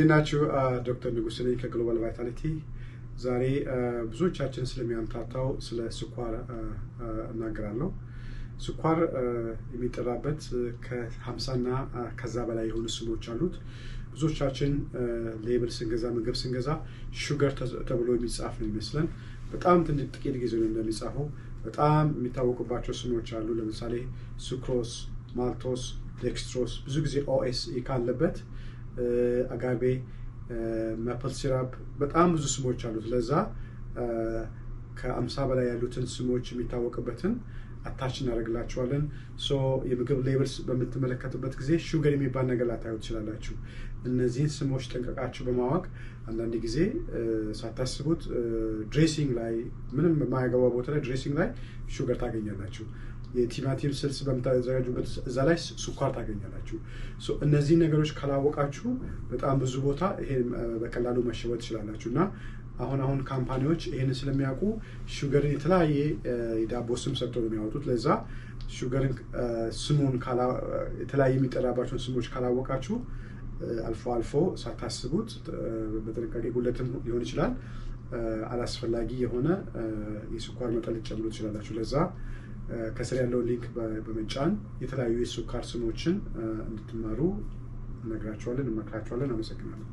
እንዴት ናችሁ? ዶክተር ንጉስ ነኝ ከግሎባል ቫይታሊቲ። ዛሬ ብዙዎቻችን ስለሚያምታታው ስለ ስኳር እናገራለሁ። ስኳር የሚጠራበት ከሀምሳና ከዛ በላይ የሆኑ ስሞች አሉት። ብዙዎቻችን ሌብል ስንገዛ ምግብ ስንገዛ ሹገር ተብሎ የሚጻፍ ነው ይመስለን። በጣም ትንሽ ጥቂት ጊዜ ነው እንደሚጻፈው። በጣም የሚታወቁባቸው ስሞች አሉ። ለምሳሌ ሱክሮስ፣ ማልቶስ፣ ዴክስትሮስ ብዙ ጊዜ ኦኤስኢ ካለበት አጋቤ፣ መፕል ሲራፕ በጣም ብዙ ስሞች አሉት። ለዛ ከአምሳ በላይ ያሉትን ስሞች የሚታወቅበትን አታች እናደርግላችኋለን። የምግብ ሌብልስ በምትመለከቱበት ጊዜ ሹገር የሚባል ነገር ላታዩ ትችላላችሁ። እነዚህን ስሞች ጠንቀቃችሁ በማወቅ አንዳንድ ጊዜ ሳታስቡት ድሬሲንግ ላይ ምንም የማያገባ ቦታ ላይ ድሬሲንግ ላይ ሹገር ታገኛላችሁ። የቲማቲም ስልስ በምታዘጋጁበት እዛ ላይ ስኳር ታገኛላችሁ። እነዚህ ነገሮች ካላወቃችሁ በጣም ብዙ ቦታ ይሄ በቀላሉ መሸወድ ትችላላችሁ እና አሁን አሁን ካምፓኒዎች ይህንን ስለሚያውቁ ሹገርን የተለያየ የዳቦ ስም ሰጥቶ ነው የሚያወጡት። ለዛ ሹገርን ስሙን የተለያየ የሚጠራባቸውን ስሞች ካላወቃችሁ አልፎ አልፎ ሳታስቡት በጥንቃቄ ጉለትም ሊሆን ይችላል አላስፈላጊ የሆነ የስኳር መጠን ልትጨምሩ ትችላላችሁ። ለዛ ከስር ያለው ሊንክ በመጫን የተለያዩ የሱካር ስሞችን እንድትመሩ እነግራችኋለን፣ እመክራቸዋለን። አመሰግናለሁ።